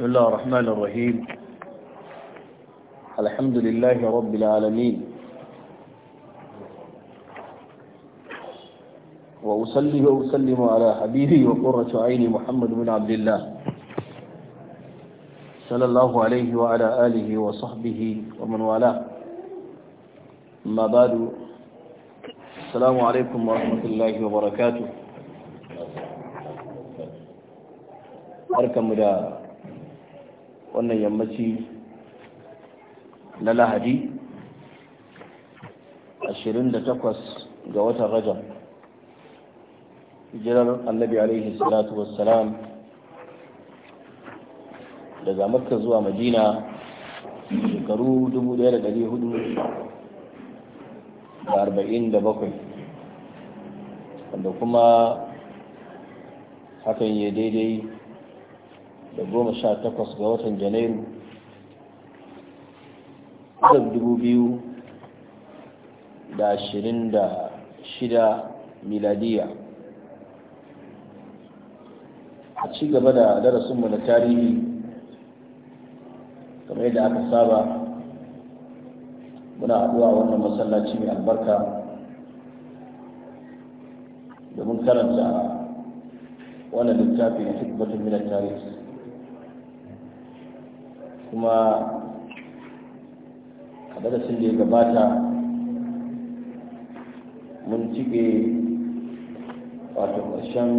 بسم الله الرحمن الرحيم الحمد لله رب العالمين وأصلي وأسلم على حبيبي وقرة عيني محمد بن عبد الله صلى الله عليه وعلى آله وصحبه ومن والاه ما بعد السلام عليكم ورحمة الله وبركاته أركم ده wannan yammaci na lahadi 28 ga watan rajab jiran annabi alaihi salatu wassalam daga makka zuwa madina shekaru 1447 wanda kuma hakan ya daidai da goma sha takwas ga watan janairu ɗan dubu biyu da ashirin da shida miladiya a ci gaba da darasinmu na tarihi kamar yadda aka saba muna haɗuwa a wannan masallaci mai albarka domin karanta wannan littafi na hikmatun minar tarihi kuma a darasin da ya gabata mun cike wato ƙarshen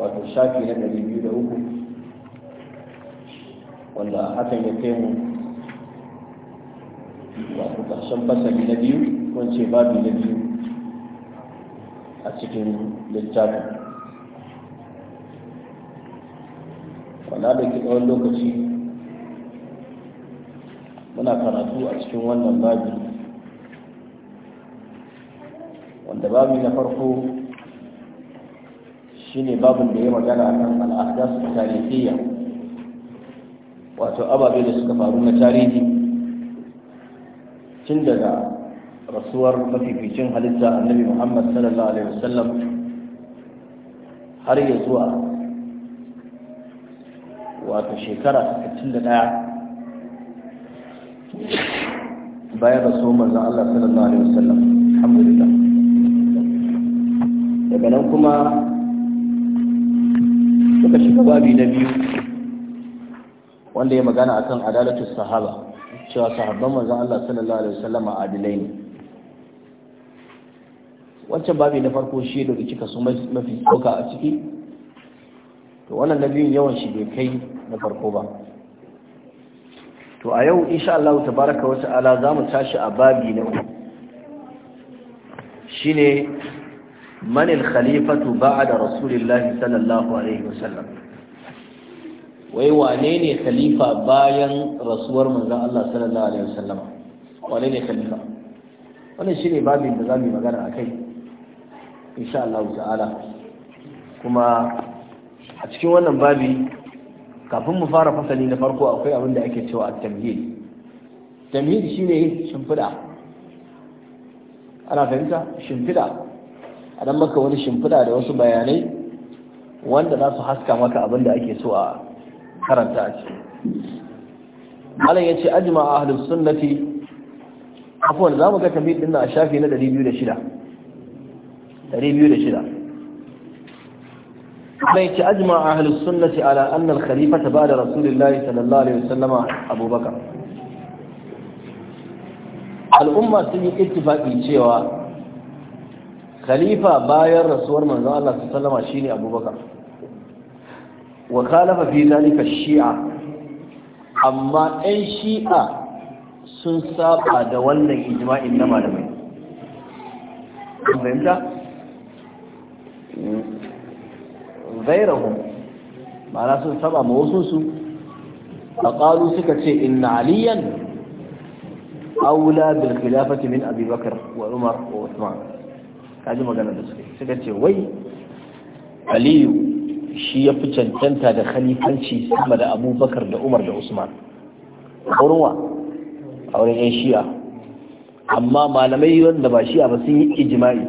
wato shafi na ɗari biyu da uku wanda hakan ya kai mu wato ƙarshen fasari na biyu wance babu na biyu a cikin littafin ta ɗauki tsawon lokaci muna karatu a cikin wannan babi wanda babi na farko shine babin da ya magana a kan al'adasu tarihiyya wato ababe da suka faru na tarihi tun daga rasuwar mafificin halitta annabi muhammad sallallahu alaihi wasallam har ya zuwa wato shekara 61 bayan soma manzon Allah sallallahu alaihi wasallam alhamdulillah daga nan kuma suka shiga babi na biyu wanda ya magana akan adalatu sahaba cewa sahabban manzon Allah sallallahu alaihi wasallam adilai ne wancan babi na farko shi da kika su mafi tsoka a ciki to wannan na biyun yawan shi bai kai na farko ba to a yau insha Allah tabaraka wa ta'ala zamu tashi a babi na uku shine man al khalifatu ba'da rasulillah sallallahu alaihi wasallam wai wane ne khalifa bayan rasuwar manzon Allah sallallahu alaihi wasallam wane ne khalifa wannan shine babin da zamu magana akai insha Allah ta'ala kuma a cikin wannan babi kafin mu fara fasali na farko akwai abin da ake cewa at-tamhid tamhid shine shimfida ana fahimta shimfida a dan maka wani shimfida da wasu bayanai wanda za su haska maka abin da ake so a karanta a ciki malam yace ajma ahlus sunnati afwan zamu ga tamhid din a shafi na 206 206 bai ci ajma a ahlus sunnati ala anna al-khalifa ta ba da rasulullahi sallallahu alaihi wasallama abubakar al'umma sun yi ittifaqi cewa khalifa bayan rasuwar manzon Allah sallallahu alaihi shine abubakar wa khalafa fi zalika shi'a amma ɗan shi'a sun saba da wannan ijma'in na malamai fahimta ghayrahum ma'ana sun saba ma wasu su faqalu suka ce inna aliyan aula bil khilafati min abi bakr wa umar wa usman kaji magana da suke suka ce wai aliyu shi ya fi cancanta da khalifanci sama da abubakar da umar da usman kurwa a wurin yan shi'a amma malamai wanda ba shi'a ba sun yi ijima'i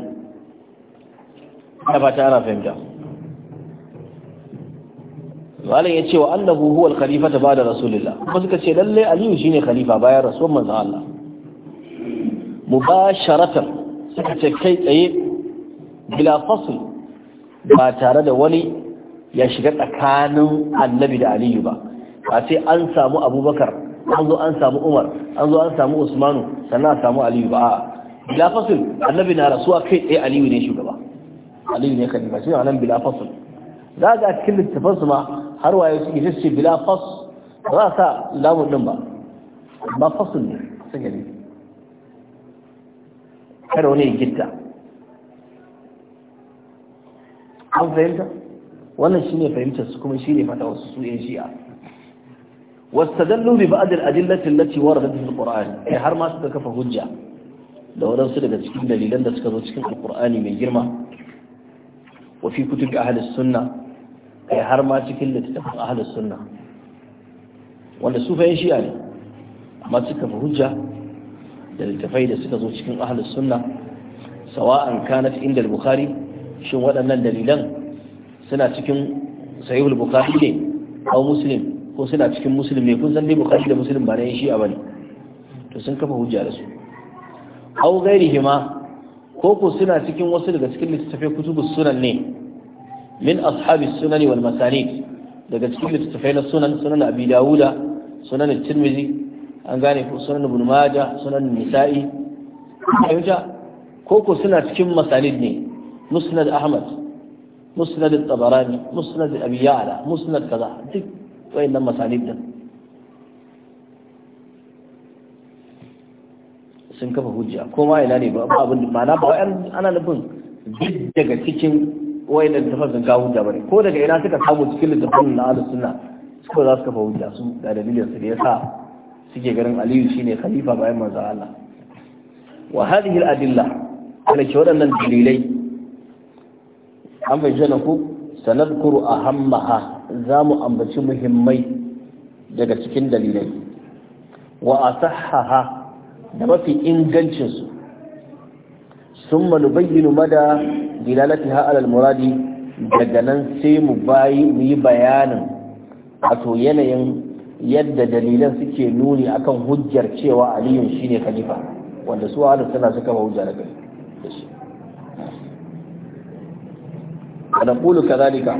ta fata ana fahimta malam ya ce wa annahu huwa al-khalifa ta bada rasulillah kuma suka ce lalle aliyu shine khalifa bayan rasuwan manzon Allah mubasharatan suka ce kai tsaye bila fasl ba tare da wani ya shiga tsakanin annabi da aliyu ba a sai an samu abubakar an zo an samu umar an zo an samu usmanu sannan a samu aliyu ba a bila fasl annabi na rasuwa kai tsaye aliyu ne shugaba aliyu ne khalifa shi ne nan bila fasl za ga cikin littafansu ma har waye su ita ce bila fas Ba a sa lamun din ba ba fasun ne sun gani kada wani ya gitta an fahimta wannan shine fahimtar su kuma shine fata wasu su yan shi'a واستدلوا ببعض الأدلة التي وردت al القرآن أي har ma suka kafa hujja da wadansu daga cikin dalilan da suka zo cikin al alqur'ani mai girma wa fi kutubi ahli sunna kai har ma cikin littattafan ahalus sunna wanda su fa shi'a ne amma suka fi hujja da littafai da suka zo cikin ahalus sunna sawa'an fi inda bukhari shin waɗannan dalilan suna cikin sahihul bukhari ne ko muslim ko suna cikin muslim ne kun san dai bukhari da muslim ba na yin shi'a bane to sun kafa hujja da su au gairihima ko ko suna cikin wasu daga cikin littattafai kutubus sunan ne min ashabi sunani wal daga cikin littattafai na sunan sunan abi dawuda sunan tirmizi an gane ko sunan ibn majah sunan nisa'i ayyuka suna cikin masanid ne musnad ahmad musnad tabarani musnad abi ya'la musnad kaza duk wayannan masanid din sun kafa hujja ko ma ina ne ba abin ma'ana ba ana nufin duk daga cikin wayan littafin sun kawo hujja bane ko daga ina suka samu cikin littafin na ahlus sunna suka za su kafa hujja su da dalilin su da yasa suke garin aliyu shine khalifa bayan manzon Allah wa hadhihi al adilla ana ke waɗannan dalilai an bai jana ku sanadkuru ahammaha za mu ambaci muhimmai daga cikin dalilai wa asahhaha da mafi ingancinsu sun manubayyinu mada dilalatiha alal muradi daga nan sai mu bayi mu yi bayanin wato yanayin yadda dalilan suke nuni akan hujjar cewa aliyun shine khalifa wanda su ahlus sunna suka ba hujja da shi wa naqulu kadhalika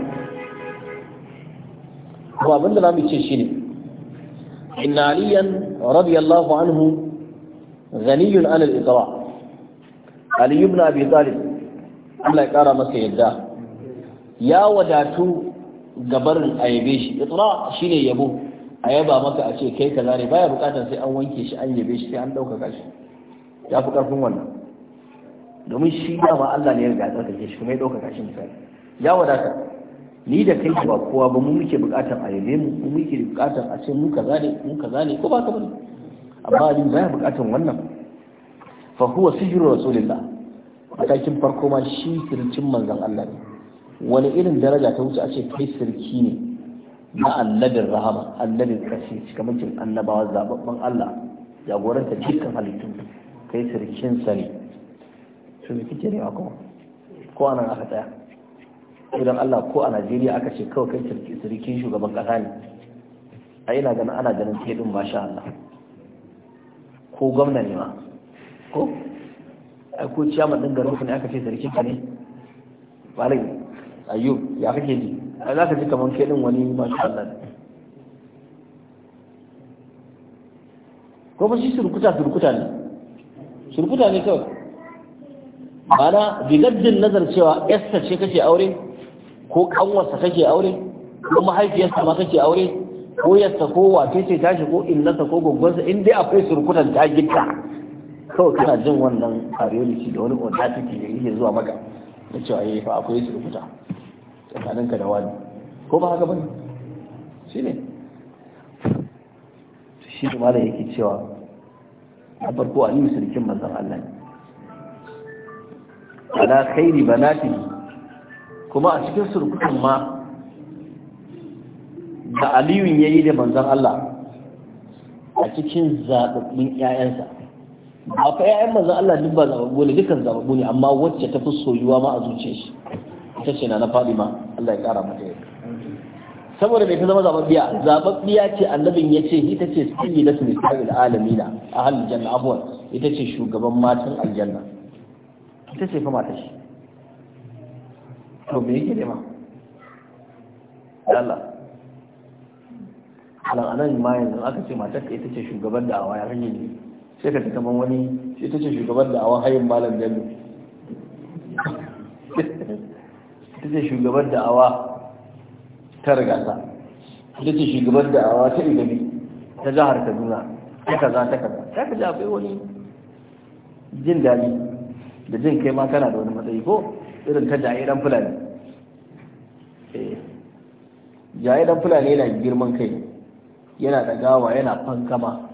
ko abinda zamu ce shine inna aliyan radiyallahu anhu ghaniyun 'ala al-itra ali ibn abi talib Allah ya kara masa yadda ya wadatu a yabe shi itra shine yabo a yaba maka a ce kai kaza ne baya bukatar sai an wanke shi an yabe shi sai an dauka kashi ya fi ƙarfin wannan domin shi ba Allah ne ya riga tsarkake shi kuma ya ɗaukaka shi misali ya wadata ni da kai ba kowa ba mu muke bukatar a yabe mu mu muke bukatar a ce mu kaza ne mu kaza ne ko ba ka bane amma ni baya bukatar wannan fa huwa sijru rasulillah matakin farko ma shi sirkin manzan Allah ne wani irin daraja ta wuce a ce kai sirki ne na annabin rahama annabin ƙarshe cikamakin annabawa zababban Allah jagoranta dukkan halittu kai sirkin sa ne su ne kike ne a kuma ko anan aka tsaya idan Allah ko a Najeriya aka ce kawai kai sirkin shugaban ƙasa ne a ina ganin ana ganin sai din Allah ko gwamna ne ma ko ko ciyaman din garin ku ne aka ce sarkin ka ne malai ayyub ya kake ji a za ka ji kamar kai din wani masu Allah ko ba shi surkuta surkuta ne surkuta ne kawai ma'ana bigaddin nazar cewa yasta ce kake aure ko kanwarsa kake aure ko mahaifiyarsa ma kake aure ko yasta ko wace ce tashi ko innasa ko gwaggwansa in dai akwai surkutan ta gitta kawai kana jin wannan kariyolisi da wani audacity da yake zuwa maka da cewa ya eh, fa akwai su rubuta tsakaninka da wani ko ba haka bane shi ne shi da malam yake cewa na farko aliyu sirkin manzon Allah ne ala khairi banati kuma a cikin surkutan ma da aliyun yayi da manzan Allah a cikin zaɓaɓɓun 'ya'yansa Akwai fa ƴaƴan manzon Allah duk ba zababbu ne dukkan zababbu ne amma wacce ta fi soyuwa ma a zuciyar shi ita ce na na ma Allah ya ƙara mata yadda saboda bai ta zama zababbiya zababbiya ce annabin ya ce ita ce sayyidat nisa'il alamina a halin janna abuwa ita ce shugaban matan aljanna ita ce fa mata shi to me yake nema Allah alan anan ma yanzu aka ce matar ita ce shugaban da awa ya rage ne sai ka ta kaman wani sai ta ce shugaban da awon hayin malam bello ta ce shugaban da awa ta rigasa ta ce shugaban da awa ta igami ta jihar kaduna ta kaza ta kaza ta kaza akwai wani jin daɗi da jin kai ma kana da wani matsayi ko irin ta dan fulani dan eh, fulani yana girman kai yana da gawa yana fankama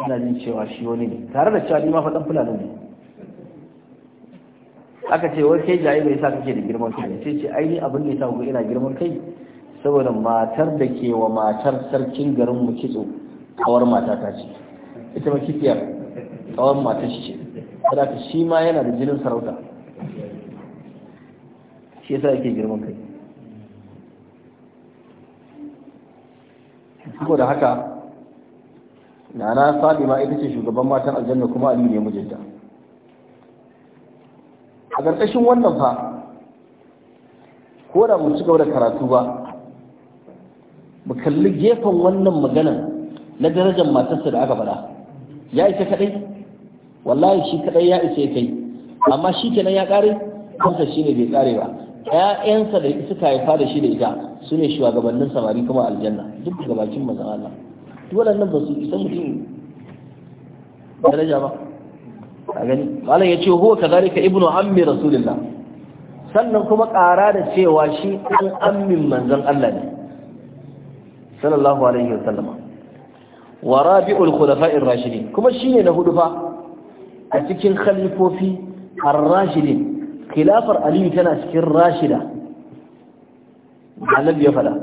ina jin cewa shi wani ne tare da cewa ni ma faɗan fulani ne aka ce wai kai jayi bai sa kake da girman kai sai ce ai abin da ya sa ku ina girman kai saboda matar da ke wa matar sarkin garin mu kitso kawar mata ta ce ita ma kifiyar kawar mata shi ce saboda shi ma yana da jinin sarauta shi yasa yake girman kai saboda haka nana fadima ita ce shugaban matan aljanna kuma Ali ne mijinta a ƙarƙashin wannan fa ko da mu ci gaba da karatu ba mu kalli gefen wannan maganan na darajar matarsa da aka faɗa ya isa kaɗai wallahi shi kaɗai ya isa kai amma shi kenan ya ƙare kansa shi ne bai tsare ba ƴaƴansa da suka haifa da shi da ita su ne shugabannin samari kuma aljanna duk da bakin mazan Allah duk waɗannan ba su isa mutum daraja ba a gani malam ya ce huwa ka kazalika ibnu ammi rasulillah sannan kuma ƙara da cewa shi an ammin manzon Allah ne sallallahu alaihi wa sallama wa rabi'ul khulafa'ir rashidin kuma shine na hudu fa a cikin khalifofi ar-rashidin khilafar ali tana cikin rashida annabi ya fada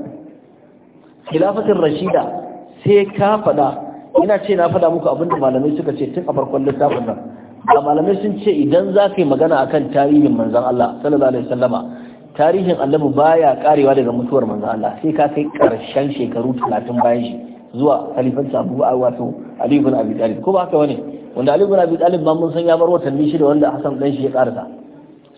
khilafatin rashida sai ka fada, ina ce na fada muku abinda malamai suka ce tun a farkon littafin nan a malamai sun ce idan za ka yi magana a kan tarihin manzan Allah sallallahu alaihi wasallama tarihin annabi baya karewa daga mutuwar manzan Allah sai ka kai karshen shekaru 30 bayan shi zuwa khalifanci Abu wato Ali ibn Abi Talib ko ba haka wani wanda Ali ibn Abi Talib ba mun san ya bar watanni shida wanda Hassan dan shi ya karasa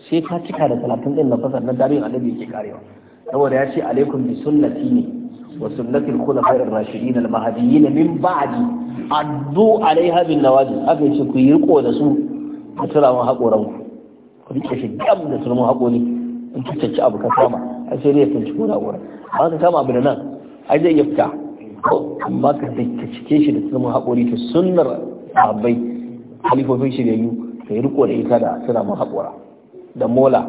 sai ka cika da 30 din na fasar na tarihin annabi yake karewa saboda ya ce alaikum bi sunnati ne وسنة الخلفاء الراشدين na من بعد عضوا عليها بالنواجذ هذا يشكو يرقو دسو ترى ما حقو رو rike shi gam da sulmun haƙoni in cutarci abu ka kama a sai dai kan cikin na'ura ba ka kama abu da nan ai zai iya fita amma ka ka da sulmun haƙori ta sunnar abai halifofin shi da yi ka yi riko da ita da sulmun haƙora da mola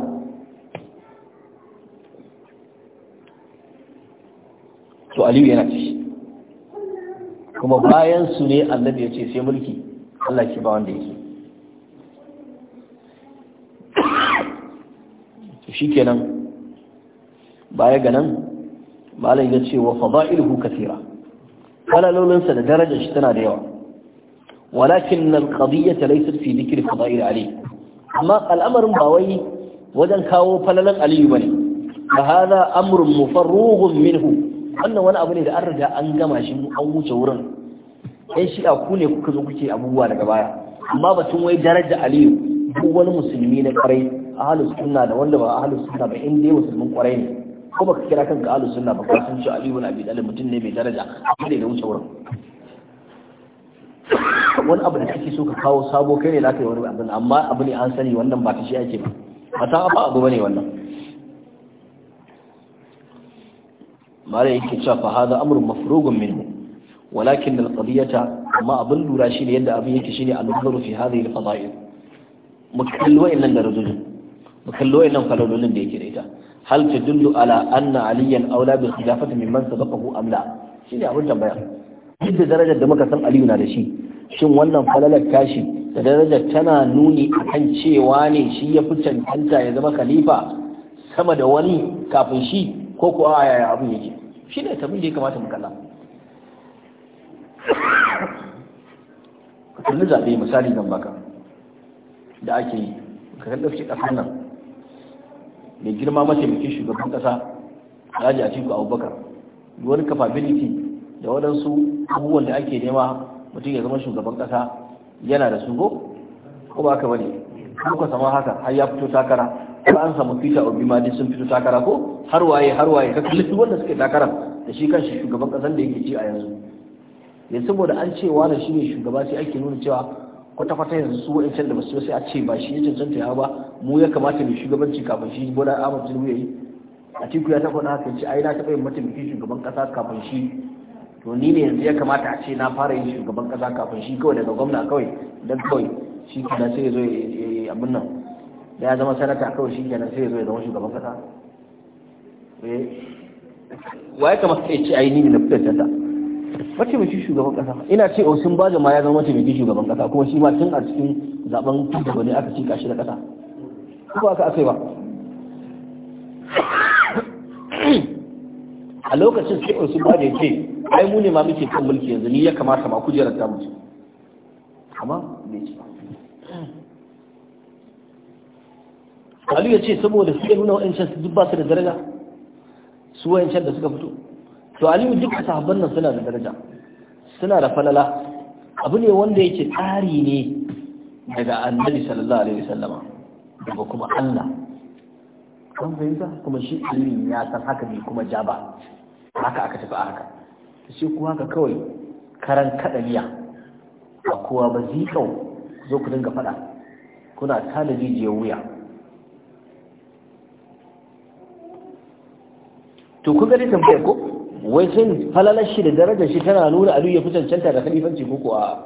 to aliyu yana ci kuma bayan su ne annabi ya ce sai mulki Allah ki ba wanda yake shikenan baya ga nan malam ya ce wa fada'iluhu kathira falalolinsa da darajar shi tana da yawa walakin al ta laysat fi dhikri fada'il ali amma al'amarin ba wai wajen kawo falalan aliyu bane fa hadha amrun mufarrughun minhu wannan wani abu ne da an riga an gama shi an wuce wurin ɗan shi ku ne kuka zo kuke abubuwa daga baya amma batun wai daraja aliyu duk wani musulmi na kwarai ahalus sunna da wanda ba ahalus sunna ba inda dai musulmin kwarai ne ko baka kira kanka ahalus sunna ba ka san shi aliyu na abi dalil mutum ne mai daraja amma ne da wuce wurin wani abu da kake so ka kawo sabo kai ne za ka yi wani abu amma abu ne an sani wannan ba ta shi ake ba ba ta abu ba ne wannan mara yake cewa fa hada amrun mafrugun minhu walakin alqadiyata amma abin lura shine yadda abin yake shine al-nazaru fi hadhihi al-fada'il mu kalli wa'annan darajojin mu kalli wa'annan falalolin da yake da ita hal tadullu ala anna aliyan aula bil khilafati mimman sabaqahu am la shine abin tambaya duk darajar da muka san aliyu na da shi shin wannan falalar tashi da darajar tana nuni akan cewa ne shi ya fi cancanta ya zama khalifa sama da wani kafin shi ko kuwa a yaya abu yake shi ne tabin da ya kamata mu kalla kalli zaɓe misali nan baka da ake yi ka kan nan mai girma mataimakin shugaban ƙasa Alhaji Atiku Abubakar wani capability da waɗansu abubuwan da ake nema mutum ya zama shugaban ƙasa yana da su ko ba ka bane ko ka sama haka har ya fito takara har an samu fita obi ma sun fito takara ko har waye har waye ka kalli duk wanda suke takara da shi kanshi shugaban kasan da yake ci a yanzu ne saboda an ce wani shi ne shugaba sai ake nuna cewa kwata kwata yanzu su wa'ancan da basu sai a ce ba shi ya cancanta ya ba mu ya kamata mai shugabanci kafin shi bola ahmad tinubu ya yi a tiku ya taɓa haka ce ai na taɓa yin mataimakin shugaban ƙasa kafin shi to ni ne yanzu ya kamata a ce na fara yin shugaban ƙasa kafin shi kawai daga gwamna kawai don kawai shi kuma sai ya zo ya yi abin nan ya zama sanata kawai shi kenan sai ya zo ya zama shugaban kasa eh. wa ya kamata sai ce aini na fitar tata shi shugaban kasa ina ce osin baja ma ya zama mai shugaban kasa kuma shi ma tun a cikin zaben ne aka cika shi da kasa kuma aka akai ba a lokacin sai osin baja ya ce ai mu ne ma muke kan mulki yanzu ni ya kamata ma kujerar ta mutu amma bai ci ba Ali ya ce saboda suke nuna wa'ancan su duk ba su da daraja su wa'ancan da suka fito to Aliyu duk sahabban nan suna da daraja suna da falala abu ne wanda yake tsari ne daga annabi sallallahu alaihi wasallama daga kuma Allah kan fahimta kuma shi alimin ya san haka ne kuma Jaba? ba haka aka tafi a haka shi kuma haka kawai karan kaɗaliya a kowa ba zikau zo ku dinga faɗa kuna tada jijiyar wuya to kun gani tambayar ko wai shin falalar shi da darajar shi tana nuna alu ya fi cancanta da khalifanci ko kuwa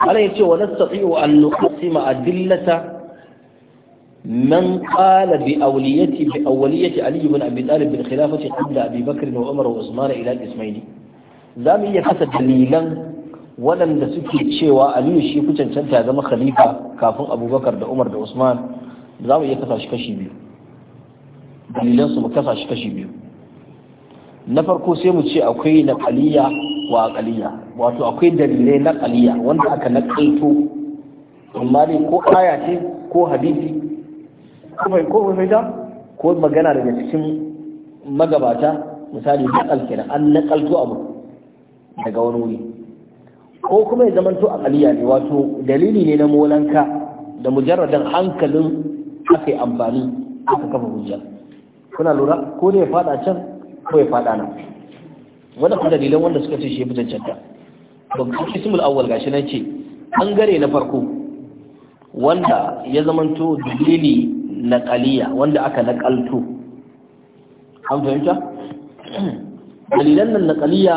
ana yace wa nastati'u an nuqsima adillata man qala bi awliyati bi awliyati ali ibn abi talib bil khilafati qabla abi bakr wa umar wa usman ila ismaili zamu iya kasa dalilan waɗanda suke cewa aliyu shi fi cancanta ya zama khalifa kafin abubakar da umar da usman za mu iya kasa shi kashi biyu dalilan su mu kasa shi kashi biyu na farko sai mu ce akwai naqaliya wa aqaliya wato akwai dalilai naqaliya wanda aka naqaito amma ne ko aya ce ko hadisi ko bai ko bai da ko magana daga cikin magabata misali da kenan an naqalto abu daga wani wuri ko kuma ya zamanto aqaliya ne wato dalili ne na molanka da mujarradan hankalin aka yi amfani aka kafa hujja kuna lura ko dai ya fada can ko ya fada nan wanda kuma dalilan wanda suka ce shi bi cancanta to ismul awwal gashi nan ce bangare na farko wanda ya zamanto dalili na qaliya wanda aka nakalto an fahimta dalilan nan na qaliya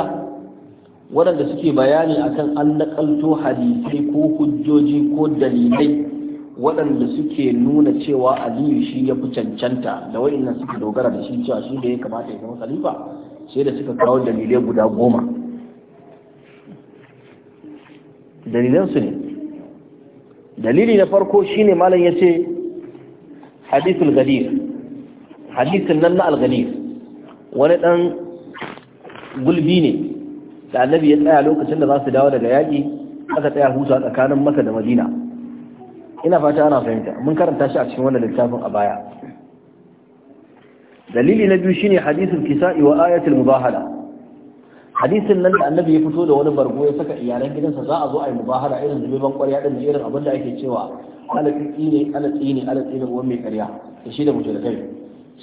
wanda suke bayani akan an nakalto hadisi, ko hujjoji ko dalilai waɗanda suke nuna cewa aliyu shi ya fi cancanta da wa'annan suke dogara da shi cewa shi da ya kamata ya zama khalifa sai da suka kawo dalilai guda goma su ne dalili na farko shine malam ya ce hadithul gadir hadithin nan na algadir wani ɗan gulbi ne da annabi ya tsaya lokacin da za su dawo daga yaƙi aka tsaya husa tsakanin masa da madina ina fata ana fahimta mun karanta shi a cikin wannan littafin a baya dalili na biyu shine hadisul kisa'i wa ayatul mubahala hadisin nan da annabi ya fito da wani bargo ya saka iyalan gidansa za a zo a yi mubahara irin zubeban kwarya din irin abin da ake cewa alatsi ne alatsi ne alatsi ne ruwan mai karya da shi da kai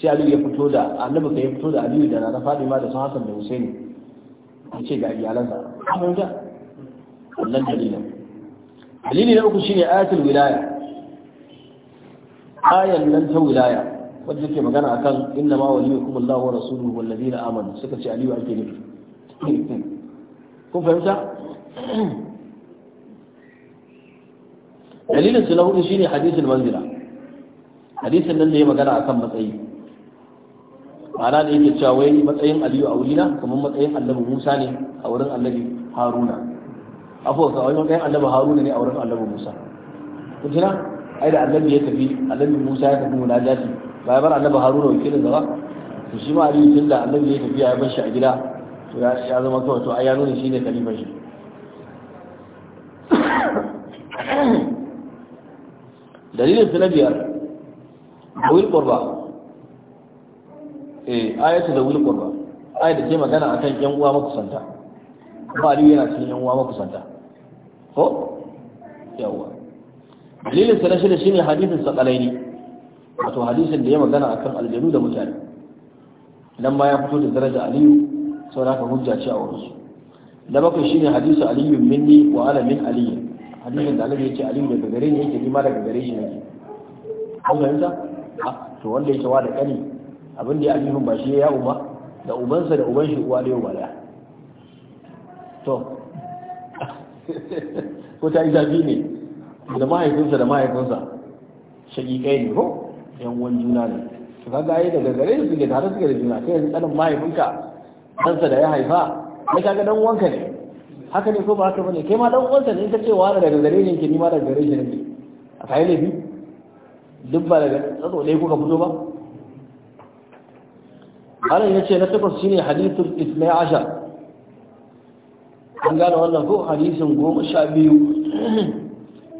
sai aliyu ya fito da annabi ka ya fito da aliyu da na fadima da sun hasan da husaini ya ce ga iyalansa a fahimta wannan dalilin dalili na uku shine ayatul wilaya ayan nan ta wilaya wadda take magana akan inna ma waliyukum Allahu wa rasuluhu wal ladina amanu suka ce aliyu ake nufi kun fahimta dalilin su na hudu shine hadisul manzila hadisin nan da ya magana akan matsayi ma'ana da yake cewa wai matsayin aliyu a wurina kamar matsayin annabi musa ne a wurin annabi haruna afuwa ka wajen ɗayan annabi haruna ne a wurin annabi musa kun tuna ai da annabi ya tafi annabi musa ya tafi munajati ba ya bar annabi haruna wakilin gaba to shi ma aliyu tun da annabi ya tafi ya bar shi a gida to ya zama kawai to ai ya nuna shi ne kalifan shi dalilin su na biyar wil qurba eh ayatu da wil qurba ayat da ke magana akan yan uwa makusanta ba aliyu yana cikin yan uwa makusanta ko yawa dalilin sa na shida shine hadisin sakalaini wato hadisin da ya magana akan aljanu da mutane dan ma ya fito da daraja aliyu sau da aka hujja ce a wurinsu na bakwai shine hadisu aliyu minni wa ala min aliyu hadisin da aliyu ya ce aliyu daga gare ni yake ni ma daga gare shi nake an fahimta to wanda yake wa da kani abin da ya alihun ba shi ya uba da ubansa da uban shi uwa da yau ba to ko ta yi zafi ne da mahaifinsa da mahaifinsa shaƙiƙai ne ko yan uwan juna ne to kaga ai daga gare su suke tare suke da juna kai yanzu kanin mahaifinka ɗansa da ya haifa kai kaga ɗan uwanka ne haka ne ko ba haka bane kai ma ɗan uwansa ne in ce wa daga gare ne ke ni ma daga gare shi ne a kai laifi duk ba daga tsaro ɗaya kuka fito ba Allah ya ce na takwas shine hadithul 12 an gane wannan ko hadisin goma sha biyu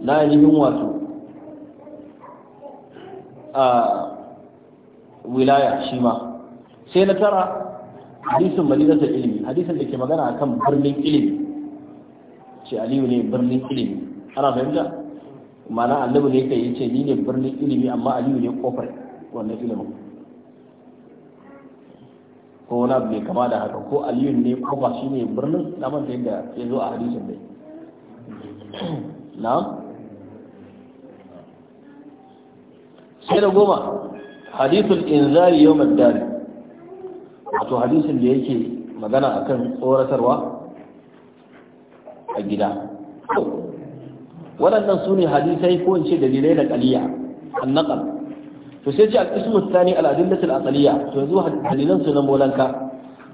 na ainihin wato a wilaya shi ma sai na tara hadisin madinata ilimi hadisin da ke magana a kan birnin ilimi ce aliyu ne birnin ilimi ana fahimta mana annabu ne yi ce ni ne birnin ilimi amma aliyu ne kofar wannan ilimin ko wani abu mai kama da haka ko aliyun ne ko ba shi ne birnin na da yadda ya zo a hadisin dai na sai da goma hadisul inzari yau maddari wato hadisin da yake magana akan tsoratarwa a gida waɗannan su ne hadisai ko in ce dalilai da ƙaliya an naƙal to sai ce a ismu tsani al-adillatu al-aqliya to yanzu hadisan su na molanka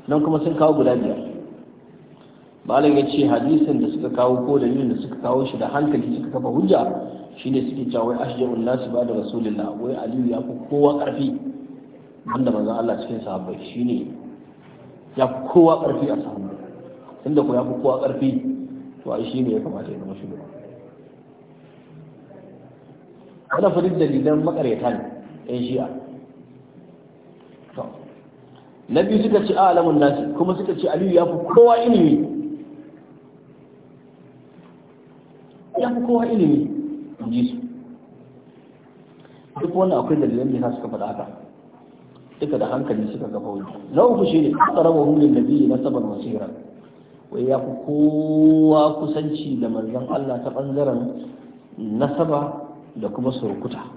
nan kuma sun kawo guda biyar malam ya ce hadisin da suka kawo ko dalilin da suka kawo shi da hankali suka kafa hujja shi ne suke cewa wai ashja'un nasu ba da rasulillah. wai aliyu ya fi kowa ƙarfi, wanda manzon Allah cikin sahabbai shine ya fi kowa ƙarfi a sahabbai tunda ko ya fi kowa ƙarfi, to ai ne ya kamata ya zama shugaba wannan fa duk dalilan makaryata ne asia to na biyu suka ce alamun nasi kuma suka ce aliyu ya fi kowa ilimi ya fi kowa ilimi in ji su duk wannan akwai dalilan da suka faɗa haka duka da hankali suka gaba wani na uku shi ne aka raba hulun da biyu na saban wasira wai ya fi kowa kusanci da manzon Allah ta ɓangaren nasaba da kuma surkuta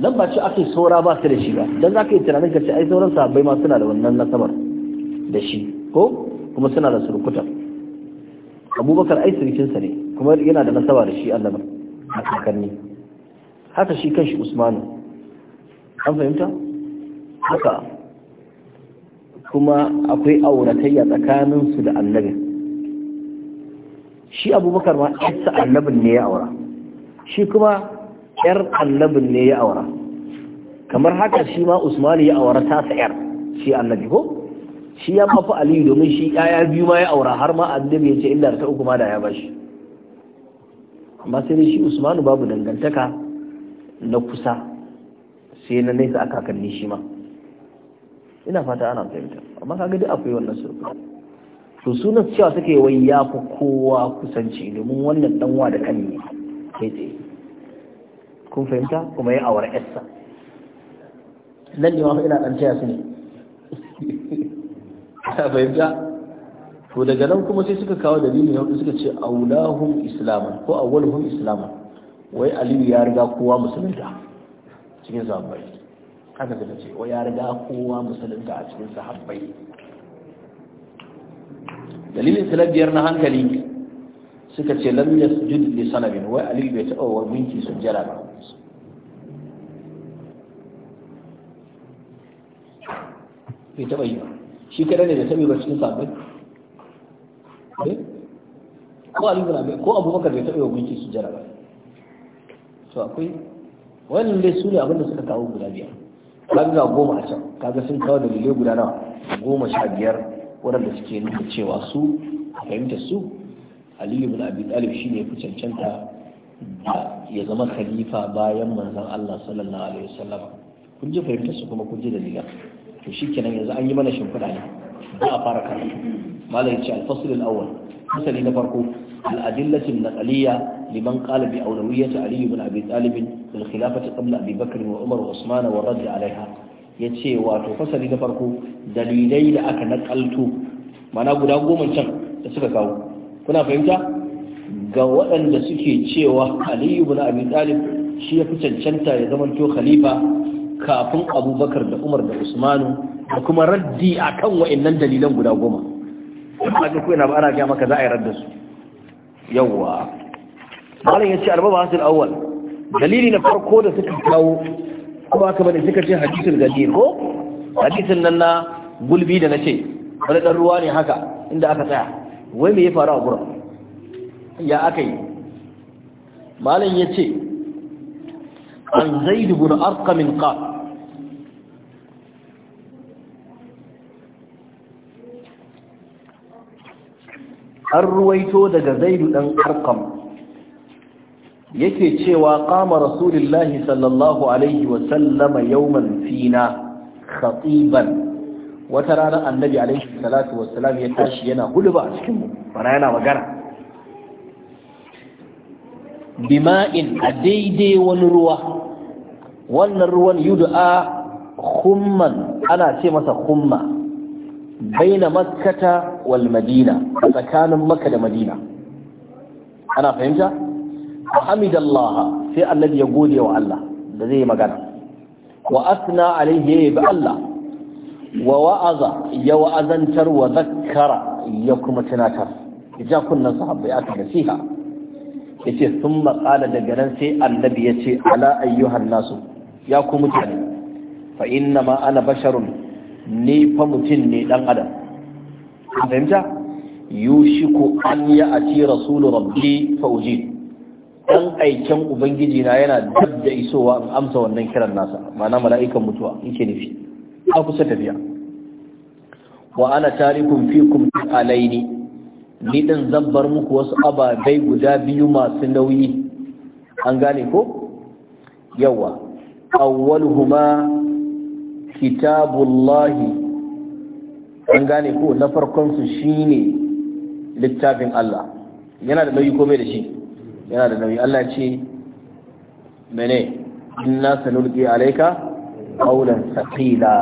nan ba ce ake saura ba su da shi ba don za ka yi tunanin ka ce ai sauran sahabbai ma suna da wannan nasabar da shi ko kuma suna da surukuta abubakar ai surukinsa ne kuma yana da nasaba da shi annaba a kakanni haka shi kan shi usmanu an fahimta haka kuma akwai auratayya tsakaninsu da annabin shi abubakar ma isa annabin ne ya aura shi kuma yar annabin ne ya aura kamar haka shi ma usmani ya aura ta sa yar shi annabi ko shi ya mafi aliyu domin shi yaya biyu ma ya aura har ma annabi ya ce illa ta uku ma da ya bashi amma sai shi usmanu babu dangantaka na kusa sai na nesa aka kalli shi ma ina fata ana fahimta amma kaga gadi akwai wannan surka to sunan cewa suke wai ya fi kowa kusanci domin wannan danwa da kan ne kai kun fahimta kuma ya awar yasa nan ne ma ina dan taya su ne ta fahimta to daga nan kuma sai suka kawo dalilin na hudu suka ce aulahum islaman ko awwaluhum islaman wai aliyu ya riga kowa musulunta cikin sahabbai haka zai ce wai ya riga kowa musulunta a cikin sahabbai dalilin sanar na hankali suka ce lam yasjud li sanamin wai alil bai taɓa wa gunki sujjada ba bai taɓa yi ba shi kada ne da taɓa ba cikin sabbi eh? ko alil bin abi ko abubakar bai taɓa wa gunki sujjada ba to akwai wannan dai su ne abinda suka kawo guda biyar kaga goma a can kaga sun kawo dalilai guda nawa goma sha biyar waɗanda suke nuna cewa su a fahimtar su aliyu bin abi talib shine fi cancanta ya zama khalifa bayan manzon Allah sallallahu alaihi wasallam kun ji fahimtar su kuma kun ji dalilan to shikenan yanzu an yi mana shimfiɗa ne za a fara karatu malam ya ce al-fasl al-awwal fasali na farko الأدلة النقلية لمن قال بأولوية علي بن أبي طالب للخلافة قبل Umar, بكر وعمر وعثمان والرد alaiha yace wato fasali na farko dalilai da aka nakalto mana guda goma can da suka kawo kuna fahimta ga waɗanda suke cewa aliyu bin abi talib shi ya fi cancanta ya zamanto khalifa kafin abubakar da umar da usmanu da kuma raddi a kan wa'annan dalilan guda goma haka kuwa ba ana gaya maka za a yi radda su yawwa Malam ya ce arbaba hasil awwal dalili na farko da suka kawo kuma aka bane suka ce hadisul gadir ko hadisin nan na gulbi da na ce wani ɗan ruwa ne haka inda aka tsaya wai me ya faru a gurin ya aka yi malam ya ce an zaidu bin arkamin ka an ruwaito daga zaidu ɗan arkam yake cewa kama rasulullahi sallallahu alaihi wasallama yauman fina khatiban wata rana annabi alaihi salatu wassalam ya tashi yana hulba a cikin mu bana yana magana bima'in a daidai wani ruwa wannan ruwan yud'a khumman ana ce masa humma baina makkata wal madina tsakanin makka da madina ana fahimta hamidallah sai annabi ya gode wa Allah da zai magana wa asna alaihi ya bi Allah wa wa'aza ya wa'azantar wa zakkara ya kuma tunatar ya ja kunnan sahabbai aka nasiha ce sun maƙala daga nan sai annabi ya ce ala ayyuhan nasu ya ku mutane fa inna ma ana basharun ni fa mutum ne dan adam an fahimta yushiku an ya ati rasulu rabbi fa uji dan aiken ubangiji na yana dab da isowa in amsa wannan kiran nasa ma'ana mala'ikan mutuwa yake nufi a kusa tafiya wa ana tarikun fikun alaini ni din zabbar muku wasu ababai guda biyu masu nauyi an gane ko yawa awwaluhuma kitabullahi an gane ko na farkon su shine littafin Allah yana da nauyi ko bai da shi yana da nauyi Allah ce mene inna sanulqi alayka kaunan thaqila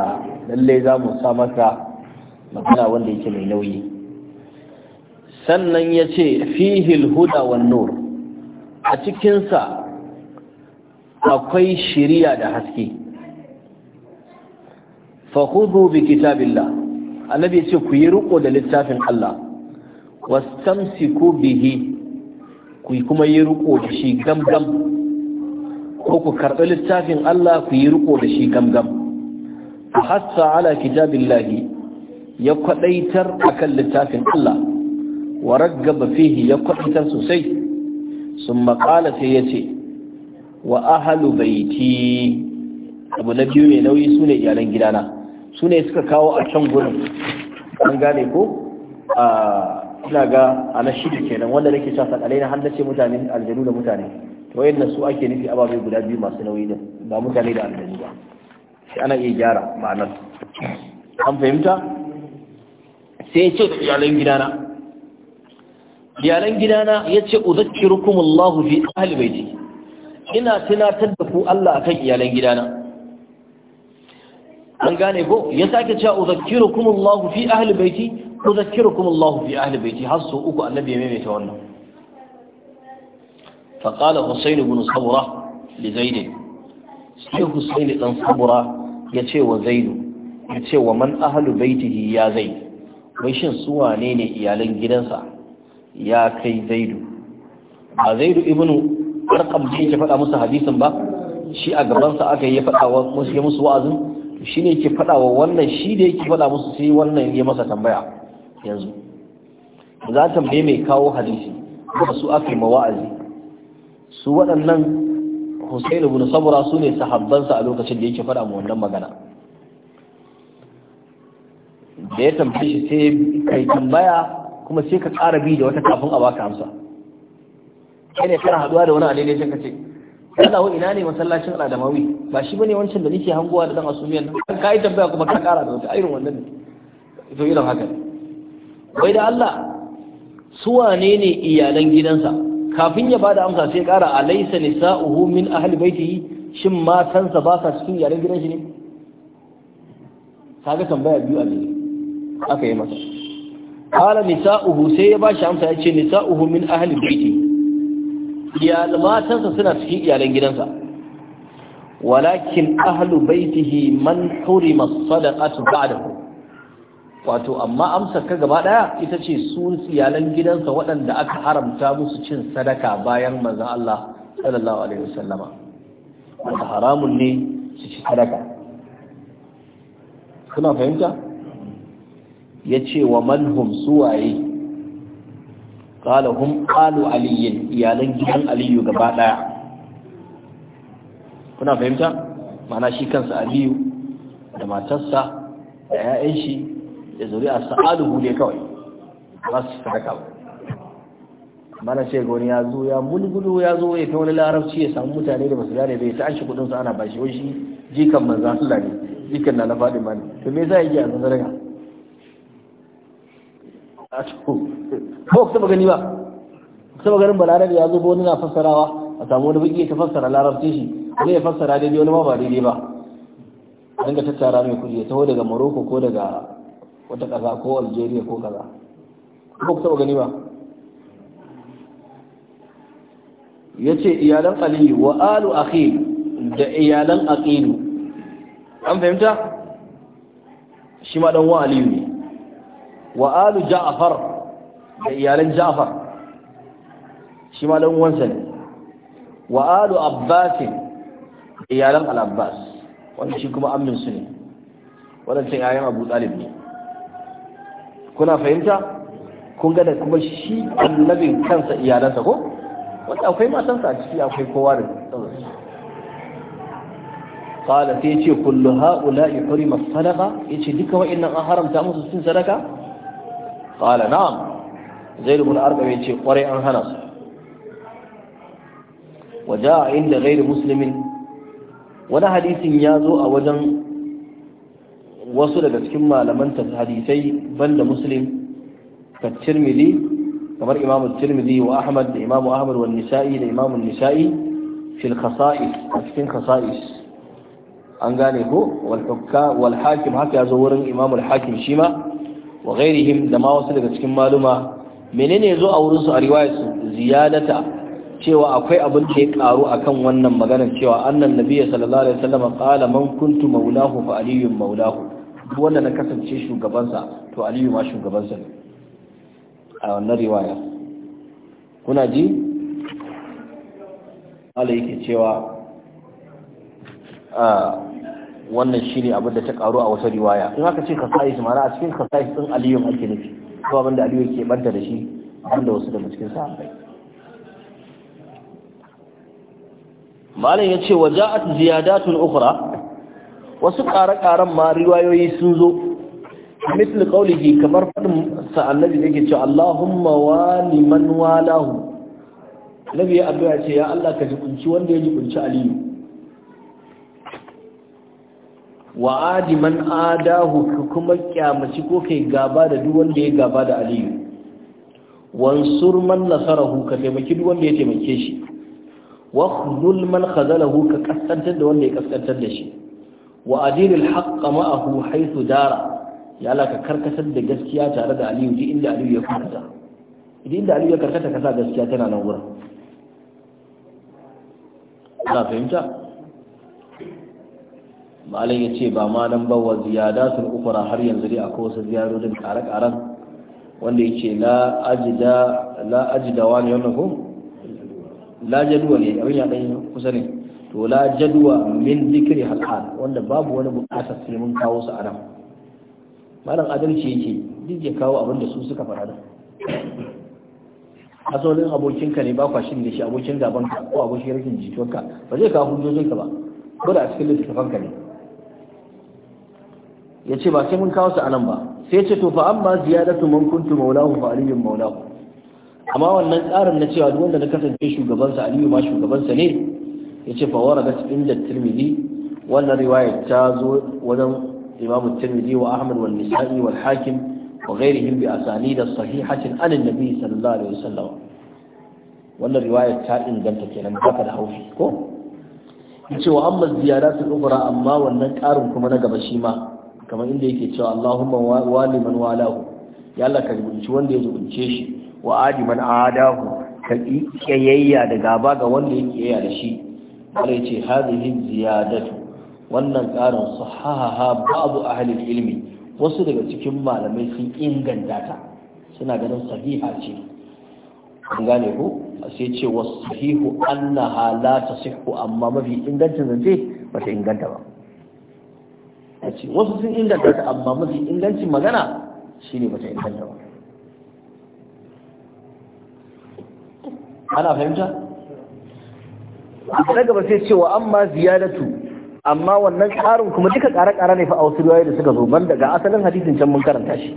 lalle za mu sa maka magana wanda yake mai nauyi sannan ya ce, fihil huda wa nur a cikinsa akwai shiriya da haske fa biki bi kitabillah annabi ce ku yi riko da littafin Allah wastamsiku bihi ku kuma yi riko da shi gamgam ko ku karɓi littafin Allah ku yi riko da shi gamgam a hassa ala kitabillahi ya kwadaitar akan littafin Allah wa raggaba fihi ya kwaɗaitar sosai sun maƙala sai ya ce wa ahalu baiti abu na biyu mai nauyi su ne iyalan gidana su ne suka kawo a can gudun an gane ko a ah, ina ga a na kenan wanda nake cewa sakalai har nace mutane aljanu da mutane to wayannan su ake nufi ababai guda biyu masu nauyi ne ba mutane da aljanu ba sai ana iya gyara ma'anar an fahimta sai ya ce da iyalan gidana iyalan gidana ya ce uzakkirukum Allah fi ahli baiti ina tunatar da ku Allah akan iyalan gidana an gane ko ya sake cewa uzakkirukum Allah fi ahli baiti yuzakkirukum Allahu fi ahli baiti har su uku annabi ya maimaita wannan fa qala Husayn ibn Sabra li Zaid sai Husayn dan Sabura ya ce wa Zaid ya ce wa man ahlu ya Zaid wai shin su wane ne iyalan gidansa ya kai Zaid ba Zaid ibn Arqam ne ya faɗa musu hadisin ba shi a gabansa aka yi faɗa musu wa'azin shi ne ke faɗa wannan shi da yake faɗa musu sai wannan ya masa tambaya yanzu za a tambaye mai kawo hadisi kuma su aka yi mawa'azi su waɗannan Hussein ibn sabura su ne sahabbansa a lokacin da yake faɗa mu wannan magana da ya tambaye shi sai kai tambaya kuma sai ka ƙara bi da wata kafin a baka amsa kai ne kana haɗuwa da wani alele sai ka ce kana wa ina ne masallacin al'adamawi ba shi bane wancan da nake hangowa da dan asumiyan nan kai tambaya kuma ka ƙara da wata irin wannan ne to irin haka ne wai da Allah su wane ne iyalan gidansa kafin ya bada amsa sai kara alaysa nisa'uhu min ahli baiti shin matansa ba sa cikin iyalan gidan shi ne kaga tambaya biyu a ne aka yi masa qala nisa'uhu sai ya bashi amsa yace nisa'uhu min ahli baiti iyal matansa suna cikin iyalan gidansa walakin ahlu baitihi man hurima as-sadaqatu ba'dahu wato amma amsar ka gaba daya ita ce sun iyalan gidansa waɗanda aka haramta musu cin sadaka bayan manzon Allah sallallahu alaihi wasallama wanda haramun ne su ci sadaka kuna fahimta ya ce wa manhum suwaye ƙala hum ƙalu aliyin iyalan gidan aliyu gaba ɗaya kuna fahimta mana shi kansa aliyu da matarsa da 'ya'yan shi da zuri'a Sa'adu ne kawai ba su sadaka ba mana ce goni ya zo ya mulgudu ya zo ya kai wani larabci ya samu mutane da basu gane bai ta an shi kudin ana ba shi wani jikan manzan Allah ne jikan na na faɗi mani to me za a yi a san sadaka a cikin ko ku taba gani ba ku taba ganin balarabe ya zo ba wani na fassarawa a samu wani baki ta fassara larabci shi wani ya fassara daidai wani ma ba daidai ba a dinga tattara mai kuɗi ya taho daga Morocco ko daga wata ƙasa ko algeria ko kaza ko ku taɓa gani ba ya ce iyalan aliyu wa alu akhil da iyalan aqilu an fahimta shi ma dan wa aliyu ne wa alu ja'far da iyalan ja'far shi ma ɗan uwansa ne wa alu abbasin iyalan al-abbas wanda shi kuma amminsu ne waɗancan yayan abu talib ne kuna fahimta kun ga da kuma shi annabin kansa iyalansa ko wanda akwai matansa a ciki akwai kowa da sauransu qala sai yace kullu haula yuhrima ya ce duka wa'annan an haramta musu cin sadaka qala na'am zai ibn arqam yace kwarai an hana su waja inda ghairu Musulmin, wani hadisin ya zo a wajen wasu daga cikin malaman hadisai banda muslim ka cirmidi kamar imam tirmidhi wa ahmad da imam ahmad wa nisa'i da imam nisa'i fil khasa'is a cikin khasa'is an gane ko wal hukka wal hakim haka yazo wurin imam al hakim shi ma wa ghairihim da ma wasu daga cikin maluma menene yazo a wurin su a riwayar su ziyadata cewa akwai abin da ya karu akan wannan maganar cewa annan nabiyyi sallallahu alaihi wasallam qala man kuntu maulahu fa aliyyun maulahu duk wanda na kasance shugabansa to aliyu ma shugabansa ne a wannan riwaya kuna ji Allah yake cewa a ah, wannan shi abin da ta karu a wasu riwaya in haka ce kasais mara a cikin kasais sun aliyu ake nufi ko abinda aliyu yake banta da shi da wasu da cikin sahabbai malam ce wa ja'at ziyadatun ukura wasu ƙare-ƙaren ma riwayoyi sun zo misli ƙaunihi kamar fadin sa annabi da ke ce Allahumma wa liman walahu nabi ya addu'a ce ya Allah ka jikunci wanda ya jikunci aliyu wa adi man adahu ka kuma kyamaci ko kai gaba da duk wanda ya gaba da aliyu wansur man nasarahu ka taimaki duk wanda ya taimake shi wa khudul man khazalahu ka kaskantar da wanda ya kaskantar da shi wa adilil haqqa ma'ahu haythu dara ya Allah ka karkatar da gaskiya tare da Aliyu ji inda Aliyu ya karkata idan inda Aliyu ya karkata ka sa gaskiya tana nan wurin ka fahimta malam ya ce ba ma nan ba wa ziyadatul ukra har yanzu dai akwai wasu ziyarorin kare-karen wanda ya ce la ajida wani wannan ko la jadwa ne abin ya dan kusa ne to la jadwa min zikri halal wanda babu wani bukatar sai mun kawo su a nan malam adalci yake duk ya kawo abin da su suka faɗa da asalin abokinka ne ba kwa shi da shi abokin gaban ka ko abokin rikin jituwarka ba zai kawo ka ba ko da a cikin littattafanka ne ya ce ba sai mun kawo su a nan ba sai ce to fa amma ziyadatu man kuntu maulahu fa aliyun maulahu amma wannan tsarin na cewa duk wanda na kasance shugabansa aliyu ma shugabansa ne Ya yace fa waradat inda tirmidhi wannan riwaya ta zo wajen imam tirmidhi wa ahmad wal nisa'i wal hakim wa ghairihim bi asanid sahihatin an annabi sallallahu alaihi wasallam wannan riwaya ta inganta kenan baka da haufi ko yace wa amma ziyaratul ukhra amma wannan karin kuma na gaba shi ma kamar inda yake cewa Allahumma wali man walahu ya Allah ka rubuci wanda ya zubunce shi wa adi man adahu ka kiyayya da gaba ga wanda ya kiyayya da shi sai ce hadhihi ziyadatu wannan ƙarin sahaha babu ahli ilmi wasu daga cikin malamai sun inganta ta suna ganin sahiha ce an gane ko sai ce wasu sahihu annaha la tasihhu amma mafi zan zance ba ta inganta ba a ce wasu sun inganta ta amma mafi ingancin magana shine ba ta inganta ba ana fahimta na gaba sai cewa amma ziyadatu amma wannan karin kuma duka ƙara-ƙara ne fa a wasu da suka zo ban daga asalin hadisin can mun karanta shi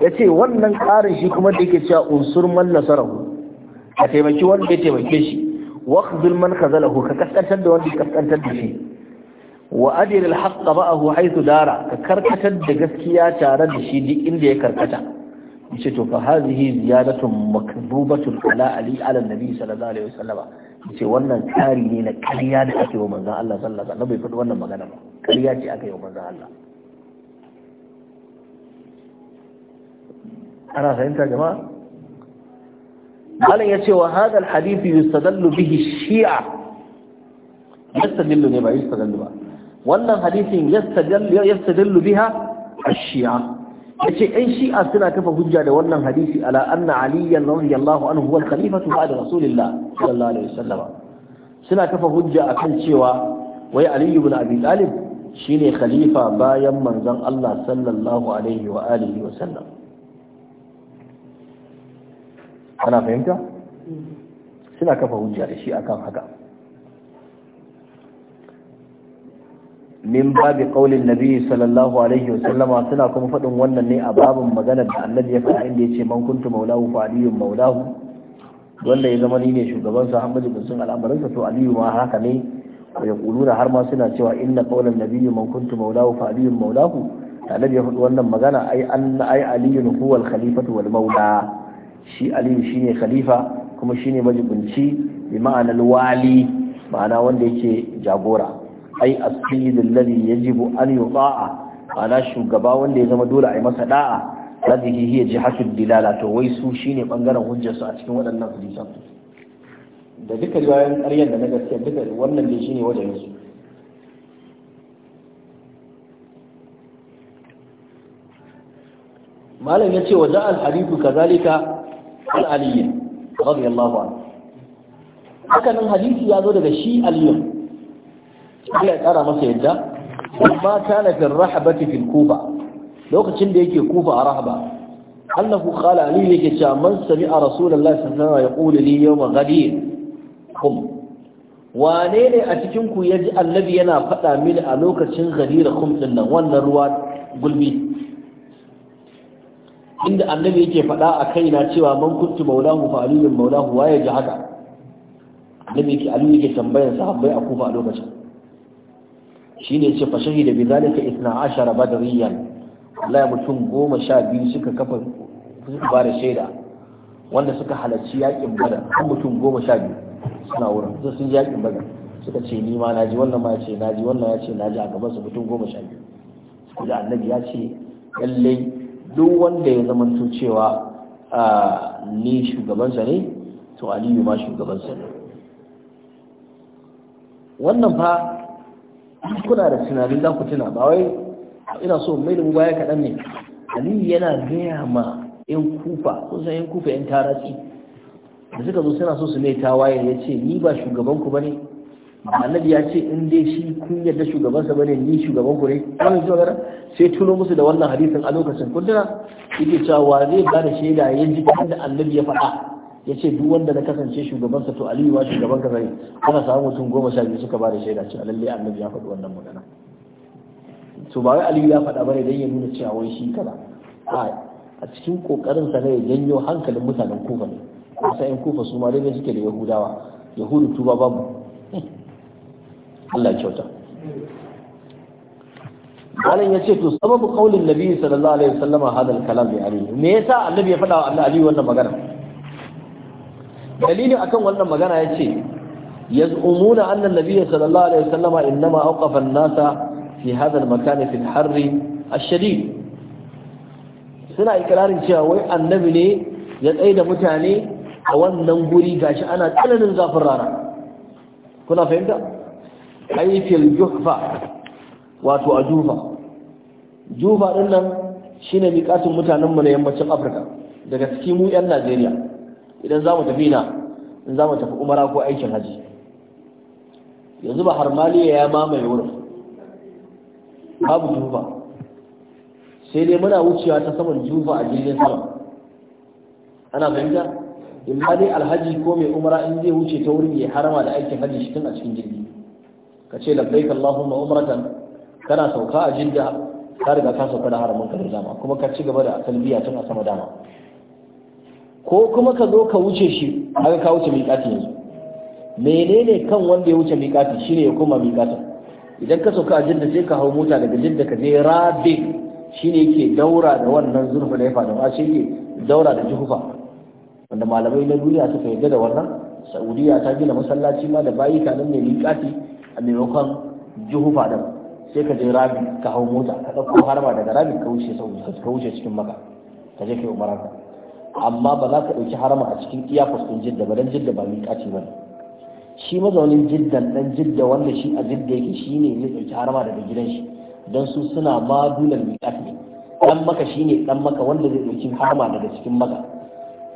ya ce wannan ƙarin shi kuma da yake cewa unsur man nasarahu a taimaki wanda ya taimake shi wa khzul man khazalahu ka kaskantar da wanda ya kaskantar da shi wa ajir al haqq ba'ahu haythu dara ka karkatar da gaskiya tare da shi duk inda ya karkata yace to fa hazihi ziyadatun makdubatun ala ali ala nabi sallallahu alaihi wasallama ce wannan tsari ne na ƙarya da ake wa manzan Allah sallallahu alaihi bai faɗi wannan magana ba ƙarya ce aka yi wa manzan Allah ana fahimta jama'a malam ya ce wa hadha alhadith yustadallu bihi shi'a yastadallu ne ba yustadallu ba wannan hadithin yastadallu yastadallu biha ash-shi'a yace ɗan shi'a suna kafa hujja da wannan hadisi ala anna aliyan radiyallahu anhu wal khalifatu ba'da rasulillah sallallahu alaihi wasallam suna kafa hujja akan cewa wai ali ibn abi talib shine khalifa bayan manzon Allah sallallahu alaihi wa alihi wa sallam ana fahimta mm. suna kafa hujja da shi akan haka min babi qaulin nabi sallallahu alaihi suna kuma faɗin wannan ne a babin maganar da annabi ya faɗa inda yace man kuntu maulahu fa aliyun maulahu wanda ya zama ni ne shugaban sa bin sun al'amarinsa to aliyu ma haka ne ya kuluna har ma suna cewa inna qaulan nabiyyu man kuntu maulahu fa aliyun maulahu annabi ya faɗi wannan magana ai anna ai aliyu huwa al-khalifatu wal maula shi aliyu shine khalifa kuma shine majibunci bi ma'anar wali ma'ana wanda yake jagora ai as-sayyid alladhi yajibu an yuta'a ana shugaba wanda ya zama dole a yi masa da'a hadhihi hiya jihatu dilala to wai su shine bangaren hujjar su a cikin waɗannan hadisan da duka riwayoyin ƙaryar da na gaskiya duka wannan ne shine wajen su malam ya ce waje alhadithu kazalika al-aliyyi radiyallahu anhu hakanan hadisi ya zo daga shi aliyyu Allah ya tsara masa yadda amma kana fi rahabati fil kufa lokacin da yake kufa a rahaba annahu qala ali yake cewa man sami'a rasulullahi sallallahu alaihi wasallam yaqulu li yawma ghadir kum wane ne a cikin ku yaji annabi yana faɗa mini a lokacin ghadir kum din nan wannan ruwa gulbi inda annabi yake faɗa a kaina cewa man kuntu maulahu fa aliyun maulahu waye ji haka annabi yake aliyu yake tambayan sahabbai a kufa a lokacin Shi shine yace fa shahida bi zalika 12 badriyan ya mutum goma sha biyu suka kafa suka bada shaida wanda suka halarci yakin badar kan mutum goma sha biyu suna wurin su sun ji yakin badar suka ce ni ma naji wannan ma ya ce naji wannan ya ce naji a gaban su mutum goma sha biyu su da annabi ya ce lallai duk wanda ya zama to cewa ni shugabansa ne to aliyu ma shugabansa ne wannan fa kuna da tunanin za ku tuna ba wai ina so mai da baya kaɗan ne aliyu yana gaya ma yan kufa kun san yan kufa yan taratsi da suka zo suna so su mai tawaye ya ce ni ba shugaban ku bane annabi ya ce in dai shi kun yarda shugabansa bane ni shugaban ku ne wannan shugaba sai tuno musu da wannan hadisin a lokacin kundina yake cewa zai ba da shaida ya ji da annabi ya faɗa ya ce duk wanda na kasance shugabansa to aliyu ma shugaban ka zai ana samu mutum goma sha biyu suka ba da shaida ce lalle annabi ya faɗi wannan magana to ba wai aliyu ya faɗa ne dan ya nuna cewa wai shi kaza a a cikin kokarin sa ne ya janyo hankalin mutanen kufa ne sai in kufa su ma dai suke da yahudawa yahudu tuba babu Allah ya kyauta malam ya ce to sababu kaulin nabi sallallahu alaihi wasallam hadal kalam bi ali me yasa annabi ya faɗa wa annabi wannan magana dalilin akan wannan magana ya ce yaz'umuna anna an sallallahu alaihi wasallama innama awqafa an-nasa fi hadha al-makan fi al-harr ash-shadid suna ikirarin cewa wai annabi ne ya tsaye da mutane a wannan guri gashi ana tsananin zafin rana kuna fahimta aifil juhfa wato a jufa jufa ɗinnan nan shine miƙatun mutanen mu na yammacin afirka daga cikin mu yan najeriya idan za mu tafi na in za mu tafi umara ko aikin haji yanzu ba maliya ya mamaye wurin babu juba sai dai muna wucewa ta saman juba a jirgin sama ana fahimta in ma dai alhaji ko mai umara in zai wuce ta wurin ya harama da aikin haji shi tun a cikin jirgi ka ce labbaik allahumma umratan kana sauka a jidda ka riga ka sauka da haramun ka da kuma ka ci gaba da talbiya tun a sama dama ko kuma ka zo ka wuce shi haka ka wuce miƙati yanzu menene kan wanda ya wuce miƙati shine ya koma miƙatin idan ka sauka a jidda sai ka hau mota daga jidda ka je rabe shine yake daura da wannan zurfa da ya faɗa ba shi ne daura da juhufa wanda malamai na duniya suka yarda da wannan saudiya ta gina masallaci ma da bayi kanin mai miƙati a maimakon juhufa din sai ka je rabi ka hau mota ka ɗauko harba daga rabi ka wuce ka wuce cikin maka ka je kai umaranka amma ba za ka ɗauki harama a cikin iyakos ɗin jidda ba don jidda ba miƙaci ba shi mazaunin jiddan ɗan jidda wanda shi a jidda yake shi ne zai ɗauki harama daga gidan shi don su suna ma dulan ne ɗan maka shi ne ɗan maka wanda zai ɗauki harama daga cikin maka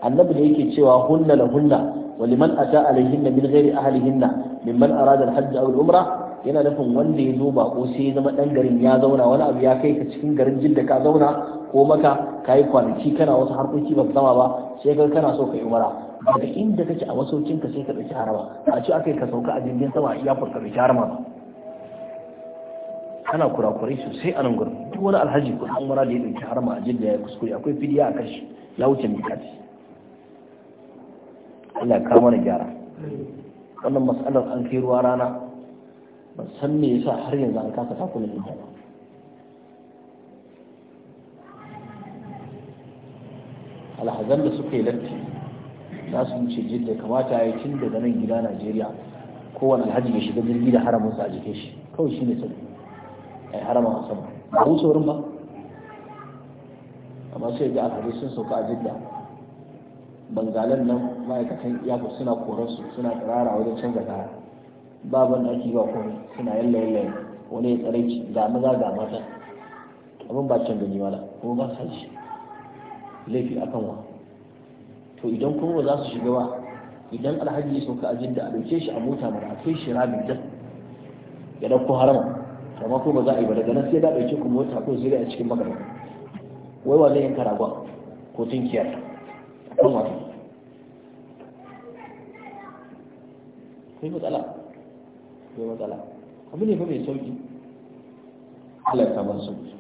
annabi da yake cewa hunna la hunna wa liman ata alaihinna min ghairi ahlihinna mimman arada al-hajj aw al-umra yana nufin wanda ya zo bako sai ya zama dan garin ya zauna wani abu ya kai ka cikin garin jin da ka zauna ko maka ka yi kwanaki kana wasu harkoki ba zama ba sai ka kana so ka yi umara daga inda kake a ka sai ka ɗauki haraba a ce aka yi ka sauka a jirgin sama a iyakar ɗauki harama ba ana kurakurai sosai a nan gurin duk wani alhaji ko an umara da ya ɗauki harma a jirgin ya kuskure akwai fidiya a kashi ya wuce kati Allah kama mana gyara wannan mas'alar an kai ruwa rana san me yasa har yanzu an kasa takunan ita ba alhazan da suka yi lantarki za su wuce jidda kamata ya yi tun daga nan gida najeriya kowane alhaji ya shiga jirgi da haramun sa a jikin shi kawai shi ne a yi haramun a sama ba mu wurin ba amma sai ga alhaji sun sauka a jidda bangalan nan ma'aikatan iyakar suna koransu suna tsirara wajen canza kaya da ban yi ba komai suna yalla yalla wani ya tsare ki ga maza ga mata abin ba can gani wala ko ba sa shi laifi akan wa to idan kuma ba za su shiga ba idan alhaji ya sauka ajin da a dauke shi a mota mara a kai shi rabin da ya dauko harama amma ko ba za a yi ba daga nan sai da dauke ku mota ko zira a cikin magana wai wa zai yanka ragon ko tunkiyar kan wata kai matsala akwai matsala abu ne fa mai sauki Allah ya kamar sauki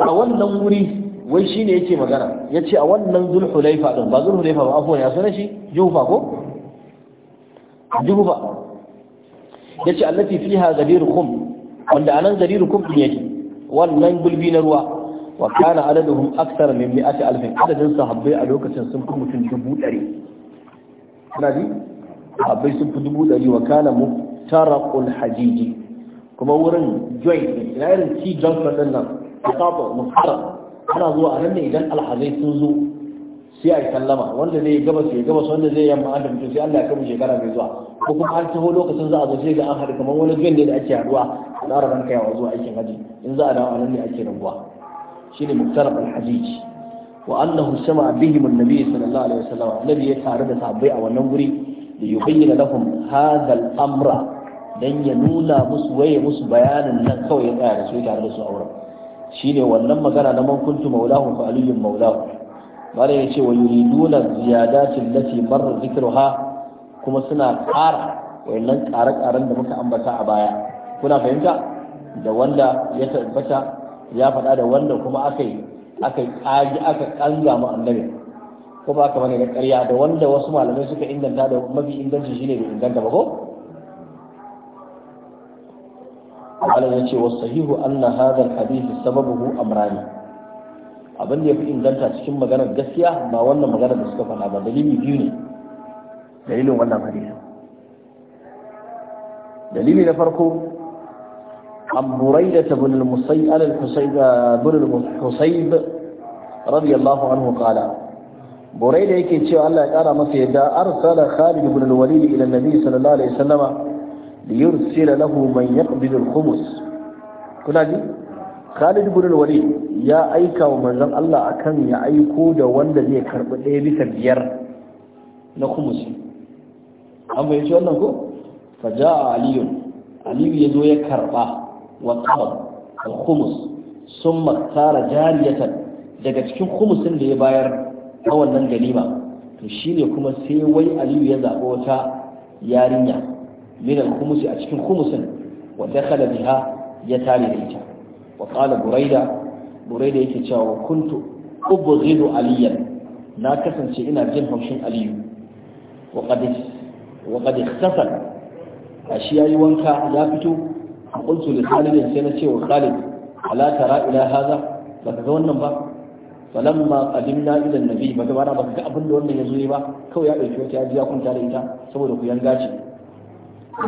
a wannan wuri wai ne yake magana ce a wannan zulhulaifa ɗin ba zulhulaifa ba afwan ya sanar shi jihufa ko jufa yace allati fiha gadirukum wanda anan gadirukum ɗin yake wannan gulbi na ruwa wa kana adaduhum akthar min mi'ati alfin adadin sahabbai a lokacin sun fi mutum dubu ɗari kana ji abai sun fi dubu ɗari wa kana muftarakul hajiji kuma wurin joint ina irin ci junction din nan a kafa muftara ana zuwa a nan ne idan alhazai sun zo sai a yi sallama wanda zai gabas ya gabas wanda zai yamma an mutum sai Allah ya mu shekara mai zuwa ko kuma an taho lokacin za a zo sai ga an haɗu kamar wani joint ne da ake haɗuwa a tsara ranka yawa zuwa aikin haji in za a dawo a nan ne ake rabuwa shine muftarakul hajiji wa annahu sama bihim annabi sallallahu alaihi wasallam annabi ya tare da sahabbai a wannan guri da yubayyana lahum amra dan ya nuna musu waye musu bayanin nan kawai ya tsaya da su tare da su auren shine wannan magana na man kuntu maulahu fa aliyyun maulahu bare yace wa yuriduna ziyadati allati marra dhikruha kuma suna ƙara wayannan ƙare-ƙaren da muka ambata a baya kuna fahimta da wanda ya tabbata ya faɗa da wanda kuma aka yi aka ƙaji aka mu annabi ko ba ka bane ga ƙarya da wanda wasu malamai suka inganta da mafi inganci shine bai inganta ba ko Allah ya ce wasu sahihu anna hadha al-hadith sababuhu amrani abin da ya fi inganta cikin maganar gaskiya ba wannan maganar da suka faɗa ba dalili biyu ne dalilin wannan hadisi dalili na farko an buraida ibn al-musayyib al-husayb ibn al-husayb radiyallahu anhu qala burai da yake cewa Allah ya kara masa yadda arsala Khalid ibn al-Walid ila Nabi sallallahu alaihi wasallam li yursila lahu man yaqbidu al-khums kuna ji Khalid ibn al-Walid ya aika wa manzon Allah akan ya aiko da wanda zai karbi ɗaya bisa biyar na khums an bai wannan ko fa jaa Aliyu, Ali ya zo ya karba wa qabad al-khums summa tara jariyatan daga cikin khumsin da ya bayar ta wannan ganima to shine kuma sai wai aliyu ya zaɓi wata yarinya min al-khumusi a cikin khumusin wa dakhala biha ya tare da ita wa qala yake cewa kuntu ubghidu aliyan na kasance ina jin haushin aliyu wa qad wa qad ikhtasal ashi yayi wanka ya fito qultu li khalid sai na ce wa khalid ala tara ila hadha baka ga wannan ba falamma qadimna ila annabi ba ta bana ba ga abin da wannan yazo yi ba kawai ya dauki wata yaji ya kwanta da ita saboda ku yanga ce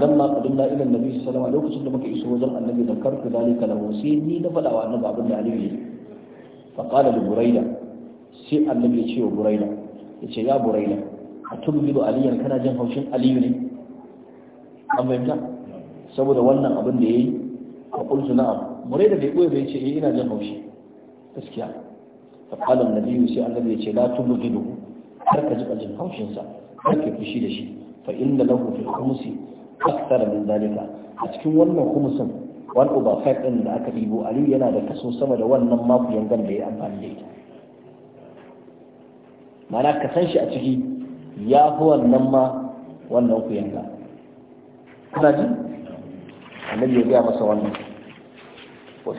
lamma qadimna ila annabi sallallahu alaihi lokacin da muka iso wajen annabi da karku dalika lahu sai ni na fada wa annabi abin da alibi fa qala li buraida sai annabi ya ce wa buraida ya ce ya buraida atubbidu aliyan kana jin haushin aliyu ne an fahimta saboda wannan abin da yayi a kulsu na'am buraida bai koyi bai ce eh, ina jin haushi gaskiya فقال النبي سي النبي يتي لا تبغضه كرك جبا جن هوشين سا كرك فشي دشي فإن له في الخمس أكثر من ذلك أتكون ولا خمسا wani uba five ɗin da aka ɗibo aliyu yana da kaso sama da wannan mafiyan gan da ya amfani da ita mana ka shi a ciki ya fi wannan ma wannan ku yanga kuna ji annabi ya gaya masa wannan wa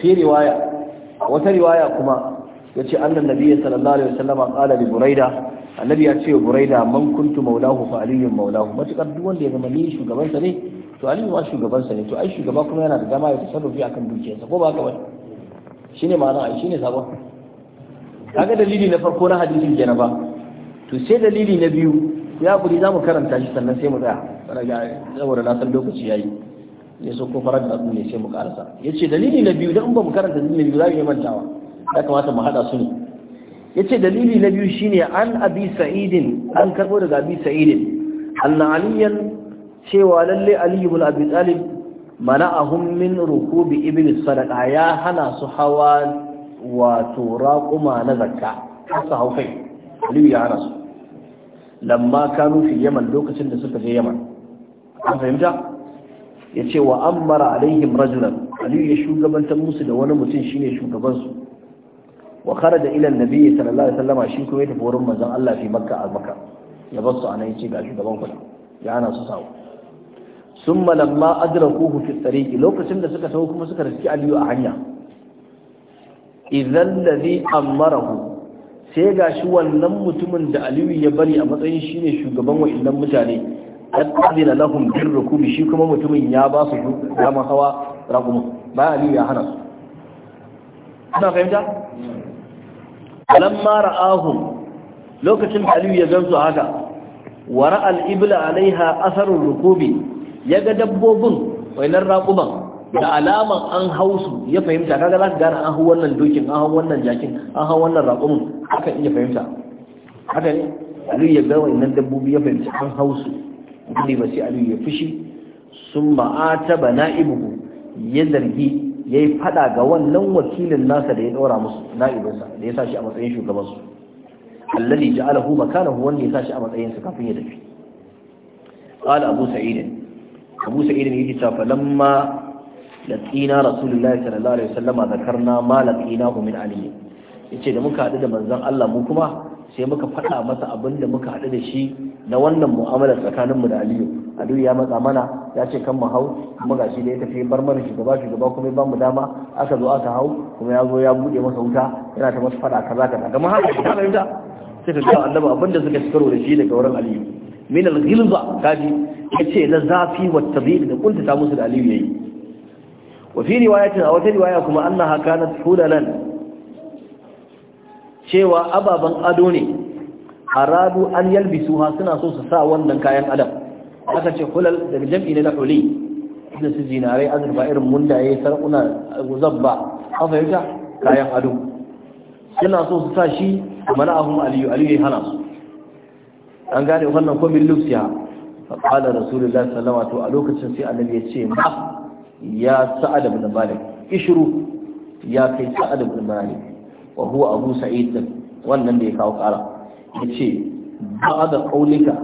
wata riwaya kuma yace annan nabiyyi sallallahu alaihi wasallam qala li buraida annabi ya ce buraida man kuntu maulahu fa aliyyun maulahu matukar duk wanda ya zama ni shugaban sa ne to aliyu ma shugaban sa ne to ai shugaba kuma yana da dama ya tasarrufi akan dukiyarsa ko ba haka ba shine ma'ana ai shine sabon kaga dalili na farko na hadisin kenan ba to sai dalili na biyu ya za mu karanta shi sannan sai mu tsaya saboda na san lokaci yayi ya so ko farar da ne sai mu karasa yace dalili na biyu dan ba mu karanta dalili na biyu za mu yi mantawa ya kamata mu hada su ne yace dalili na biyu shine an abi sa'idin an karbo daga abi sa'idin anna aliyan cewa lalle ali ibn abi talib mana'ahum min rukubi ibn sadaqa ya hana su hawa wato raquma na zakka su hau kai ali ya hana su lamma kanu fi yaman lokacin da suka je yaman an fahimta ya ce wa amara alaihim rajulan aliyu ya shugabantar musu da wani mutum shine shugabansu wa kharaja ila annabi sallallahu alaihi wasallam shi kuma ya tafi wurin manzon Allah fi makka a makka ya bar su anan yace ga shugaban ku ya ana su sawo summa lamma adrakuhu fi tariqi lokacin da suka tawo kuma suka riski aliyu a hanya idan ladhi amarahu sai ga shi wannan mutumin da aliyu ya bari a matsayin shine ne shugaban wa'illan mutane an ƙazina lahum bin rukubi shi kuma mutumin ya ba su dama hawa ragumin ba aliyu ya hana su ana fahimta lamma ra'ahum lokacin aliyu ya gansu haka wara al'ibla alaiha asarun rukubi ya ga dabbobin wainar raƙuban da alaman an hausu ya fahimta kaga za ka gane an hau wannan dokin an hau wannan jakin an hau wannan raƙumin haka iya fahimta haka ne aliyu ya ga wainar dabbobi ya fahimta an hausu ne ba sai aliyu ya fushi sun ma'ata bana ibuku, ya zargi ya yi fada ga wannan wakilin nasa da ya daura musu na'ibinsa da ya sa shi a matsayin shugabansu alladi ja'alahu makanahu wanda ya sa shi a su kafin ya tafi qala abu sa'id abu sa'id ne yake cewa falamma laqina rasulullahi sallallahu alaihi wasallam zakarna ma laqinahu min ali yace da muka haɗu da manzon Allah mu kuma sai muka faɗa masa abin da muka haɗu da shi na wannan mu'amala tsakaninmu da aliyu aliyu ya matsa mana ya ce kan mu hau kuma gashi da ya tafi bar mana shugaba shugaba kuma ba mu dama aka zo aka hau kuma ya zo ya buɗe masa wuta yana ta masa fada kaza kaza kamar haka ta fahimta sai ka ga annabi abinda suka ci da shi daga wurin aliyu min al-ghilza kaji yace na zafi wa tabi'in da kunta ta musu da aliyu yayi wa fi riwayatin a wata riwaya kuma annaha kanat hulalan cewa ababan ado ne aradu an yalbisuha suna so su sa wannan kayan adam aka ce hulal daga jam'i ne na huli da su zinarai azurfa irin mundaye sarƙuna zabba an fahimta kayan ado suna so su sa shi mana ahun aliyu aliyu ya hana su an gane wannan komin lufsiya faƙalar rasulullah sallama to a lokacin sai annabi ya ce ma ya sa'ad ibn malik ishru ya kai sa'ad ibn malik wa huwa abu sa'id wannan da ya kawo ƙara yace ba'da qaulika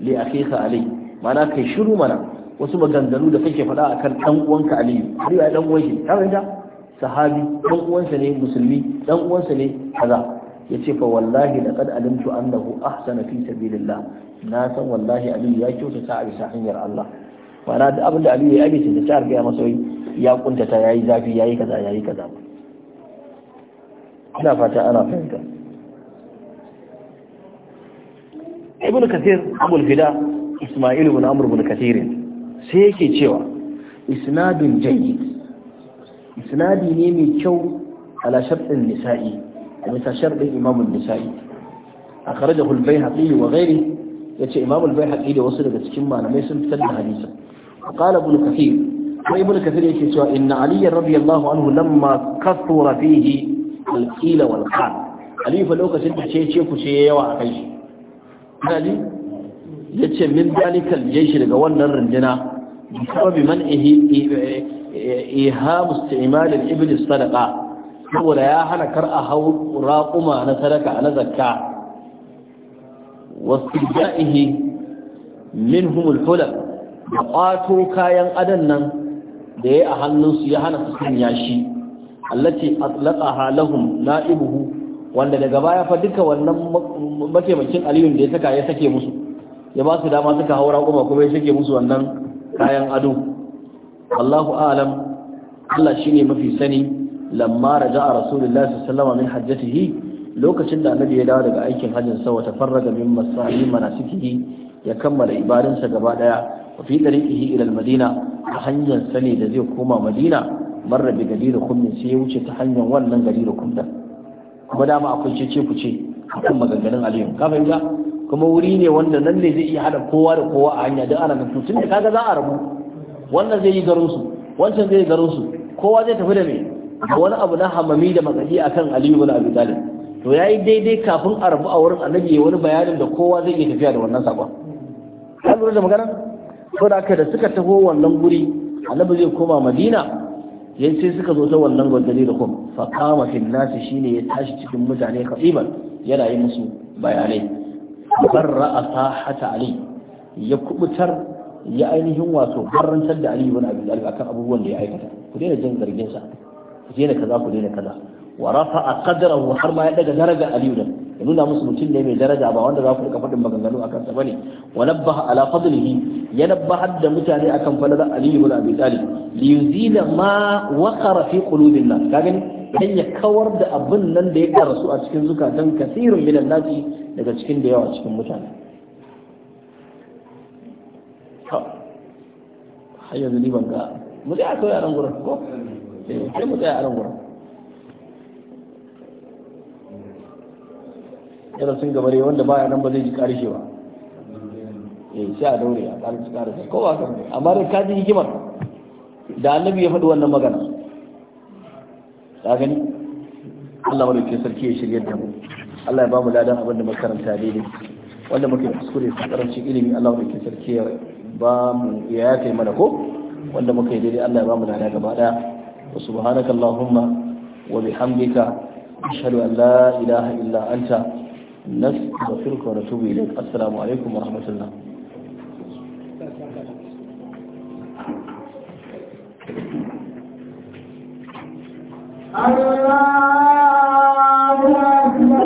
li akhika ali mana kai shiru mana wasu maganganu da kake faɗa a kan uwanka ali har ya dan uwan shi ta sahabi ɗan'uwansa ne musulmi ɗan'uwansa ne kaza ya ce fa wallahi da kad alimtu annahu ahsana fi sabilillah na san wallahi ali ya kyautata a bisa hanyar Allah mana da abin da aliyu ya yi da ta gaya masa ya kuntata ya yi zafi ya yi kaza ya yi kaza ina fata ana fahimta ibn kathir abul fida isma'il ibn amr ibn kathir sai yake cewa isnadun jayyid isnadi ne mai kyau ala shartin nisa'i a bisa shartin imamun nisa'i a kharajahu al-baihaqi wa yace imam al-baihaqi da wasu daga cikin malamai sun fitar da hadisi kala ibn kathir wa ibn kathir yake cewa inna ali radiyallahu anhu lamma kathura fihi al wal qal ali fa lokacin da ce ce ku ce yawa a kai shi kali ya ce min dalikal jeshi daga wannan rundina sababi man iha mustimalin iblis sadaka saboda ya hana kar a hau raƙuma na sadaka na zakka wasu ja'ihi min humul hular da ƙwato kayan adan nan da ya a hannunsu ya hana su sanya shi allaci atlaka halahun na'ibuhu wanda daga baya fa duka wannan mataimakin aliyun da ya saka ya sake musu ya ba su dama suka haura kuma kuma ya sake musu wannan kayan ado Allahu a'lam Allah shine mafi sani lamma raja'a rasulullahi sallallahu alaihi min hajjatihi lokacin da annabi ya dawo daga aikin hajjin sa wa tafarraga min masahi manasikihi ya kammala ibadunsa gaba daya wa fi tariqihi ila al-madina a hanyar sani da zai koma madina marra bi da khummin sai ya wuce ta hanyar wannan da khummin kuma dama akwai cece ku ce kan maganganun aliyu ka fahimta kuma wuri ne wanda nan ne zai iya hada kowa da kowa a hanya duk ana mutu tun da kaga za a rabu wannan zai yi garin su wancan zai yi garin su kowa zai tafi da me wani abu na hamami da matsali akan aliyu bin abi talib to yayi daidai kafin a rabu a wurin annabi wani bayanin da kowa zai iya tafiya da wannan sakon ka lura da magana to da aka da suka taho wannan guri annabi zai koma madina yayin sai suka zo ta wannan gwanzali da kuma faqama fil nasi shine ya tashi cikin mutane khatiban yana yi musu bayanai barra asahata ali ya kubutar ya ainihin wato barantar da ali ibn abi talib akan abubuwan da ya aikata ku daina jin zargin sa ku daina kaza ku daina kaza wa rafa'a qadrahu har ma ya daga daraja ali ibn ya nuna musu mutum ne mai daraja ba wanda za ku rika faɗin maganganu a kansa bane wa nabbaha ala fadlihi ya nabbahar da mutane akan falalar Aliyu ibn Abi Talib li yuzila ma waqara fi qulubin nas ka gani dan ya kawar da abin nan da ya karasu a cikin zukatan kasirun minan nasi daga cikin da yawa cikin mutane har yanzu ni ban ga mu tsaya kawai a nan gurin ko eh, sai mu tsaya a nan gurin darasin sun gabare wanda baya nan ba zai ji karshe ba eh sai a daure a karanta karanta ko ba kan amma da kaji hikimar da annabi ya faɗi wannan magana ka gani Allah ke sarki ya shirye da mu Allah ya ba mu ladan abin da makaranta daidai wanda muke kuskure su karanci ilimi Allah ke sarki ya ba mu ya yake mana ko wanda muka yi daidai Allah ya ba mu ladan gaba daya wa subhanakallahumma wa bihamdika ashhadu an la ilaha illa anta نستغفرك ونتوب إليك السلام عليكم ورحمة الله Allah